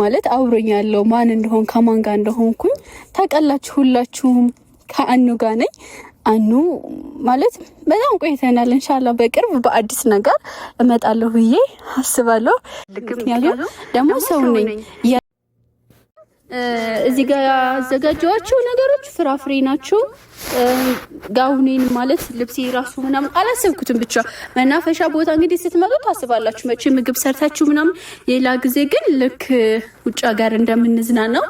ማለት አብሮኝ ያለው ማን እንደሆን ከማን ጋር እንደሆንኩኝ ታውቃላችሁ ሁላችሁም። ከአኑ ጋር ነኝ። አኑ ማለት በጣም ቆይተናል። እንሻላ በቅርብ በአዲስ ነገር እመጣለሁ ብዬ አስባለሁ። ምክንያቱም ደግሞ ሰው ነኝ። እዚህ ጋር ያዘጋጀኋችሁ ነገር ፍራፍሬ ናቸው። ጋውኔን ማለት ልብሴ ራሱ ምናምን አላሰብኩትም። ብቻ መናፈሻ ቦታ እንግዲህ ስትመጡ ታስባላችሁ መቼ ምግብ ሰርታችሁ ምናምን። ሌላ ጊዜ ግን ልክ ውጭ ሀገር እንደምንዝናናው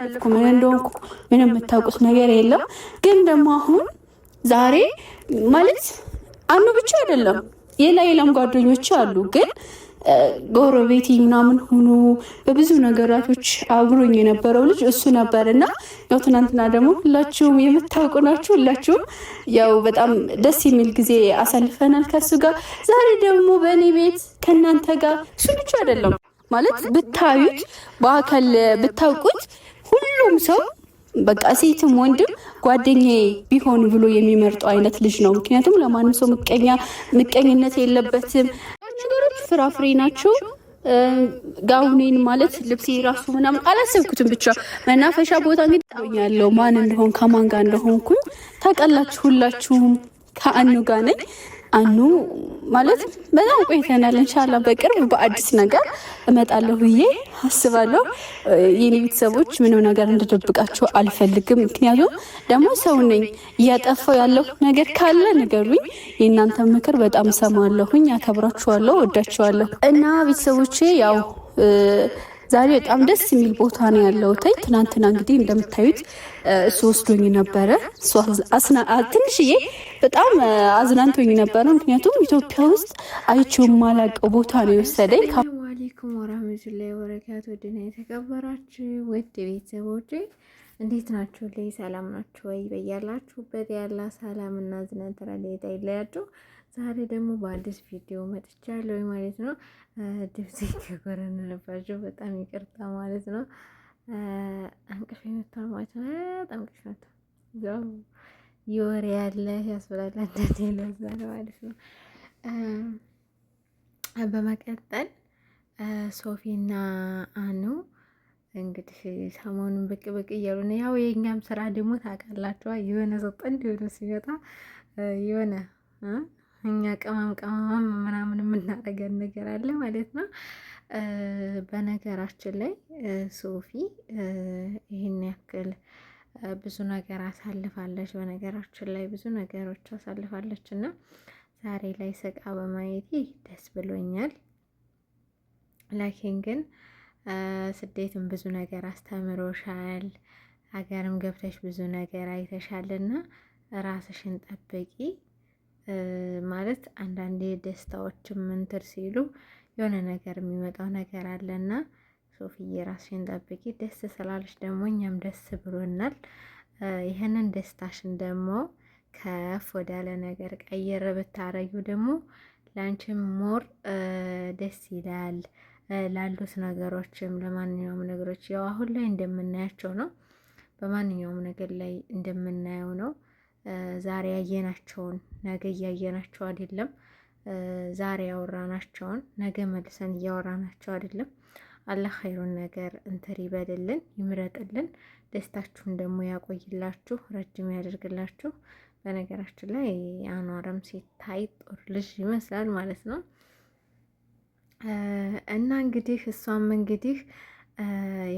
ያሳለፍኩ ምን እንደሆንኩ ምንም የምታውቁት ነገር የለም። ግን ደግሞ አሁን ዛሬ ማለት አኑ ብቻ አይደለም የላ የለም ጓደኞች አሉ ግን ጎረቤቴ ምናምን ሆኖ በብዙ ነገራቶች አብሮኝ የነበረው ልጅ እሱ ነበር እና ያው ትናንትና ደግሞ ሁላችሁም የምታውቁ ናችሁ። ሁላችሁም ያው በጣም ደስ የሚል ጊዜ አሳልፈናል ከሱ ጋር። ዛሬ ደግሞ በእኔ ቤት ከእናንተ ጋር እሱ ልጅ አይደለም ማለት ብታዩት፣ በአካል ብታውቁት ሁሉም ሰው በቃ ሴትም ወንድም ጓደኛዬ ቢሆን ብሎ የሚመርጠው አይነት ልጅ ነው። ምክንያቱም ለማንም ሰው ምቀኛ ምቀኝነት የለበትም። ነገሮች ፍራፍሬ ናቸው። ጋውኔን ማለት ልብሴ ራሱ ምናምን አላሰብኩትም። ብቻ መናፈሻ ቦታ እንግዲህ ያለው ማን እንደሆን ከማን ጋር እንደሆንኩኝ ታውቃላችሁ ሁላችሁም ከአኑ ጋር ነኝ አኑ ማለት በጣም ቆይተናል። እንሻላ በቅርብ በአዲስ ነገር እመጣለሁ ብዬ አስባለሁ። የኔ ቤተሰቦች ምንም ነገር እንድደብቃቸው አልፈልግም። ምክንያቱም ደግሞ ሰው ነኝ። እያጠፋው ያለሁ ነገር ካለ ንገሩኝ። የእናንተ ምክር በጣም ሰማለሁኝ። አከብራችኋለሁ፣ ወዳችኋለሁ እና ቤተሰቦቼ ያው ዛሬ በጣም ደስ የሚል ቦታ ነው ያለው። ተይ ትናንትና እንግዲህ እንደምታዩት እሱ ወስዶኝ ነበረ። ትንሽዬ በጣም አዝናንቶኝ ነበረ። ምክንያቱም ኢትዮጵያ ውስጥ አይቼው የማላውቀው ቦታ ነው የወሰደኝ። አለይኩም ወራህመቱላሂ ወበረካቱ ድና የተከበራችሁ ውድ ቤተሰቦች እንዴት ናችሁ? ላይ ሰላም ናችሁ ወይ? በያላችሁበት ያላ ሰላምና ዝናን ተራሌታ ይለያችሁ። ዛሬ ደግሞ በአዲስ ቪዲዮ መጥቻለሁ ማለት ነው። ድምፄ ከጎረነነባቸው በጣም ይቅርታ ማለት ነው። አንቅሽ የመታ ማለት ነው። በጣም አንቅሽ መታ። ያው የወሬ ያለ ያስብላል አንዳንዴ ለዛል ማለት ነው። በመቀጠል ሶፊና አኑ እንግዲህ ሰሞኑን ብቅ ብቅ እያሉ ነው። ያው የእኛም ስራ ደግሞ ታውቃላችኋ። የሆነ ሰው ጥንድ የሆነ ሲመጣ የሆነ እኛ ቅመም ቅመም ምናምን የምናደርገን ነገር አለ ማለት ነው። በነገራችን ላይ ሶፊ ይህን ያክል ብዙ ነገር አሳልፋለች። በነገራችን ላይ ብዙ ነገሮች አሳልፋለች እና ዛሬ ላይ ስቃ በማየቴ ደስ ብሎኛል። ላኪን ግን ስደትም ብዙ ነገር አስተምሮሻል፣ ሀገርም ገብተሽ ብዙ ነገር ና ራስሽን ጠብቂ። ማለት አንዳንዴ ደስታዎችም ምንትር ሲሉ የሆነ ነገር የሚመጣው ነገር አለና ሶፊዬ ራስሽን ጠብቂ። ደስ ስላለሽ ደግሞ እኛም ደስ ብሎናል። ይህንን ደስታሽን ደግሞ ከፍ ወዳለ ነገር ቀየር ብታረዩ ደግሞ ለአንቺም ሞር ደስ ይላል። ላሉት ነገሮችም ለማንኛውም ነገሮች ያው አሁን ላይ እንደምናያቸው ነው። በማንኛውም ነገር ላይ እንደምናየው ነው። ዛሬ ያየናቸውን ነገ እያየናቸው አይደለም። ዛሬ ያወራናቸውን ነገ መልሰን እያወራናቸው አይደለም። አላህ ኸይሩን ነገር እንትር ይበልልን፣ ይምረጥልን። ደስታችሁን ደግሞ ያቆይላችሁ፣ ረጅም ያደርግላችሁ። በነገራችን ላይ አኗረም ሲታይ ጦር ልጅ ይመስላል ማለት ነው። እና እንግዲህ እሷም እንግዲህ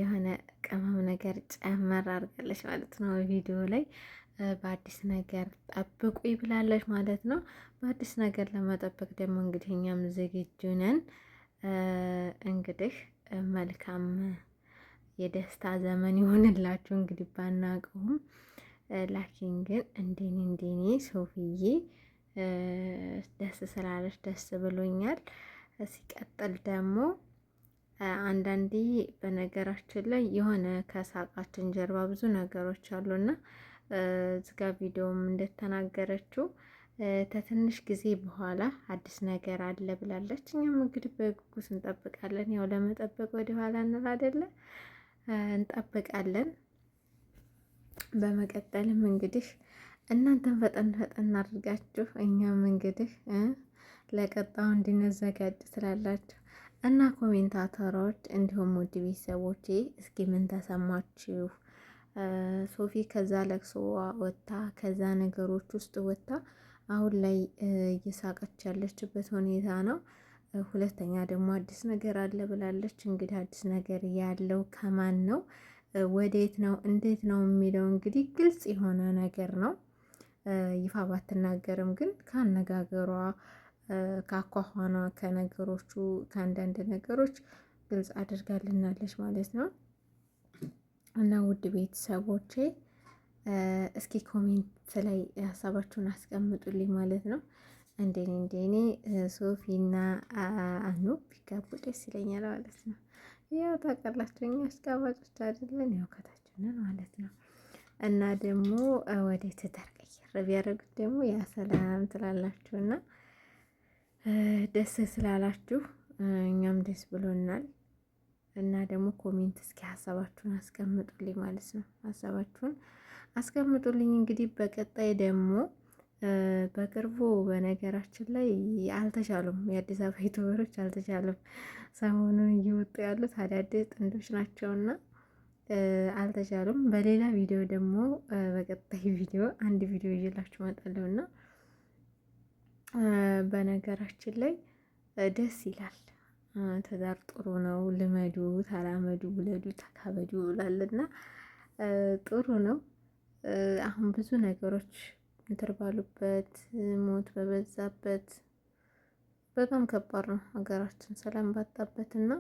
የሆነ ቅመም ነገር ጨመር አድርጋለች ማለት ነው ቪዲዮ ላይ በአዲስ ነገር ጠብቁ ብላለች ማለት ነው። በአዲስ ነገር ለመጠበቅ ደግሞ እንግዲህ እኛም ዝግጁ ነን። እንግዲህ መልካም የደስታ ዘመን ይሆንላችሁ። እንግዲህ ባናቀውም ላኪን ግን እንዴኔ እንዴኒ ሶፍዬ ደስ ስላለች ደስ ብሎኛል። ሲቀጥል ደግሞ አንዳንዴ በነገራችን ላይ የሆነ ከሳቃችን ጀርባ ብዙ ነገሮች አሉና እዚጋ ቪዲዮም እንደተናገረችው ከትንሽ ጊዜ በኋላ አዲስ ነገር አለ ብላለች። እኛም እንግዲህ በጉጉት እንጠብቃለን። ያው ለመጠበቅ ወደኋላ እንል አይደለ? እንጠብቃለን። በመቀጠልም እንግዲህ እናንተን ፈጠን ፈጠን አድርጋችሁ እኛም እንግዲህ ለቀጣው እንድንዘጋጅ ትላላችሁ እና ኮሜንታተሮች፣ እንዲሁም ውድ ቤተሰቦቼ እስኪ ምን ተሰማችሁ? ሶፊ ከዛ ለቅሶ ወጥታ ከዛ ነገሮች ውስጥ ወጥታ አሁን ላይ እየሳቀች ያለችበት ሁኔታ ነው። ሁለተኛ ደግሞ አዲስ ነገር አለ ብላለች። እንግዲህ አዲስ ነገር ያለው ከማን ነው፣ ወዴት ነው፣ እንዴት ነው የሚለው እንግዲህ ግልጽ የሆነ ነገር ነው። ይፋ ባትናገርም ግን ከአነጋገሯ፣ ከአኳኋኗ፣ ከነገሮቹ ከአንዳንድ ነገሮች ግልጽ አድርጋልናለች ማለት ነው። እና ውድ ቤተሰቦቼ እስኪ ኮሜንት ላይ ሀሳባችሁን አስቀምጡልኝ ማለት ነው። እንደኔ እንደኔ ሶፊና አኑ ቢጋቡ ደስ ይለኛል ማለት ነው። ያው ታውቃላችሁ እኛ አስጋባጮች አይደለን፣ ያው ከታችንን ማለት ነው። እና ደግሞ ወደ ትዳር ቀይር ቢያደርጉት ደግሞ ያ ሰላም ትላላችሁ እና ደስ ስላላችሁ እኛም ደስ ብሎናል። እና ደግሞ ኮሜንት እስኪ ሀሳባችሁን አስቀምጡልኝ ማለት ነው። ሀሳባችሁን አስቀምጡልኝ። እንግዲህ በቀጣይ ደግሞ በቅርቡ በነገራችን ላይ አልተቻሉም፣ የአዲስ አበባ ዩቱበሮች አልተቻሉም። ሰሞኑን እየወጡ ያሉት አዳዲስ ጥንዶች ናቸውና አልተቻሉም። በሌላ ቪዲዮ ደግሞ በቀጣይ ቪዲዮ አንድ ቪዲዮ እየላችሁ እመጣለሁ እና በነገራችን ላይ ደስ ይላል ትዳር ጥሩ ነው፣ ልመዱ፣ ተላመዱ፣ ውለዱ፣ ተካበዱ ብሏልና ጥሩ ነው። አሁን ብዙ ነገሮች እንትር ባሉበት ሞት በበዛበት በጣም ከባድ ነው። ሀገራችን ሰላም ባጣበት እና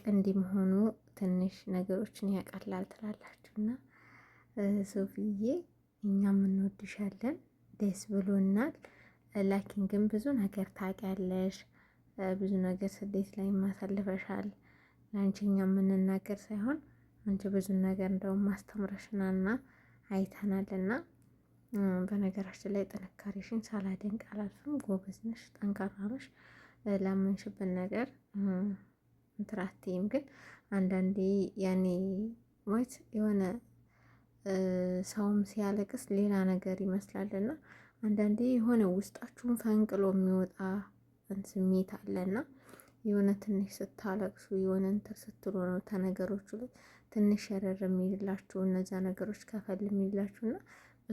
ጥንድ መሆኑ ትንሽ ነገሮችን ያቀላል ትላላችሁ እና ሶፊዬ እኛም እንወድሻለን፣ ደስ ብሎናል። ላኪን ግን ብዙ ነገር ታውቂያለሽ ብዙ ነገር ስደት ላይ ማሳልፈሻል። ለአንቺ እኛ የምንናገር ሳይሆን አንቺ ብዙ ነገር እንደውም ማስተምረሽናና አይተናልና በነገራችን ላይ ጥንካሬሽን ሳላደንቅ አላልፍም። ጎበዝ ነሽ፣ ጠንካራ ነሽ። ላመንሽብን ነገር እንትራቴም ግን አንዳንዴ ያኔ ሞት የሆነ ሰውም ሲያለቅስ ሌላ ነገር ይመስላልና አንዳንዴ የሆነ ውስጣችሁን ፈንቅሎ የሚወጣ የሚሰጠን ስሜት አለና የሆነ ትንሽ ስታለቅሱ የሆነ እንትን ስትሉ ነው ተነገሮቹ ላይ ትንሽ ሸረር የሚልላችሁ እነዚያ ነገሮች ከፈል የሚልላችሁ እና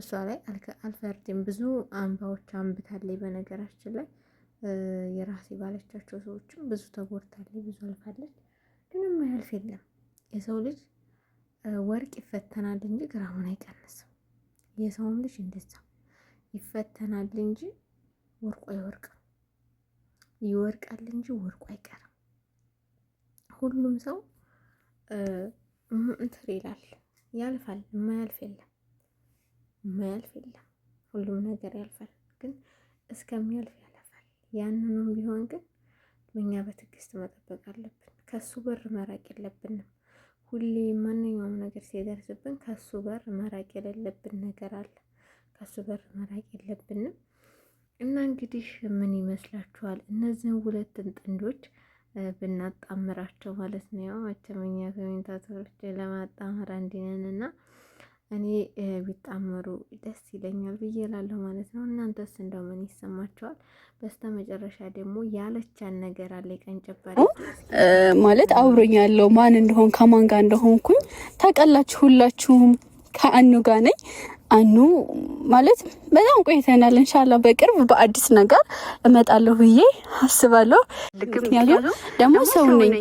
እሷ ላይ አልፈርድም። ብዙ አንባዎች አንብታለይ። በነገራችን ላይ የራሴ ባለቻቸው ሰዎችም ብዙ ተጎድታለይ፣ ብዙ አልፋለች። ግን የማያልፍ የለም። የሰው ልጅ ወርቅ ይፈተናል እንጂ ግራሙን አይቀንስም። የሰውም ልጅ እንደዛ ይፈተናል እንጂ ወርቆ አይወርቅም። ይወርቃል እንጂ ወርቁ አይቀርም። ሁሉም ሰው እንትን ይላል፣ ያልፋል። የማያልፍ የለም፣ የማያልፍ የለም። ሁሉም ነገር ያልፋል፣ ግን እስከሚያልፍ ያለፋል። ያንኑም ቢሆን ግን እኛ በትዕግስት መጠበቅ አለብን። ከሱ በር መራቅ የለብንም። ሁሌ ማንኛውም ነገር ሲደርስብን ከሱ በር መራቅ የሌለብን ነገር አለ። ከሱ በር መራቅ የለብንም። እና እንግዲህ ምን ይመስላችኋል እነዚህን ሁለትን ጥንዶች ብናጣምራቸው ማለት ነው። ያው መቸመኛ ኮሜንታተሮች ለማጣመር አንዲነን እና እኔ ቢጣመሩ ደስ ይለኛል ብዬ እላለሁ ማለት ነው። እናንተስ እንደው ምን ይሰማችኋል? በስተ መጨረሻ ደግሞ ያለቻን ነገር አለ ቀንጨባሪ ማለት አብሮኝ ያለው ማን እንደሆን ከማን ጋር እንደሆንኩኝ ታውቃላችሁ ሁላችሁም ከአኑ ጋር ነኝ አኑ ማለት በጣም ቆይተናል። እንሻላ በቅርብ በአዲስ ነገር እመጣለሁ ብዬ አስባለሁ። ምክንያቱም ደግሞ ሰው ነኝ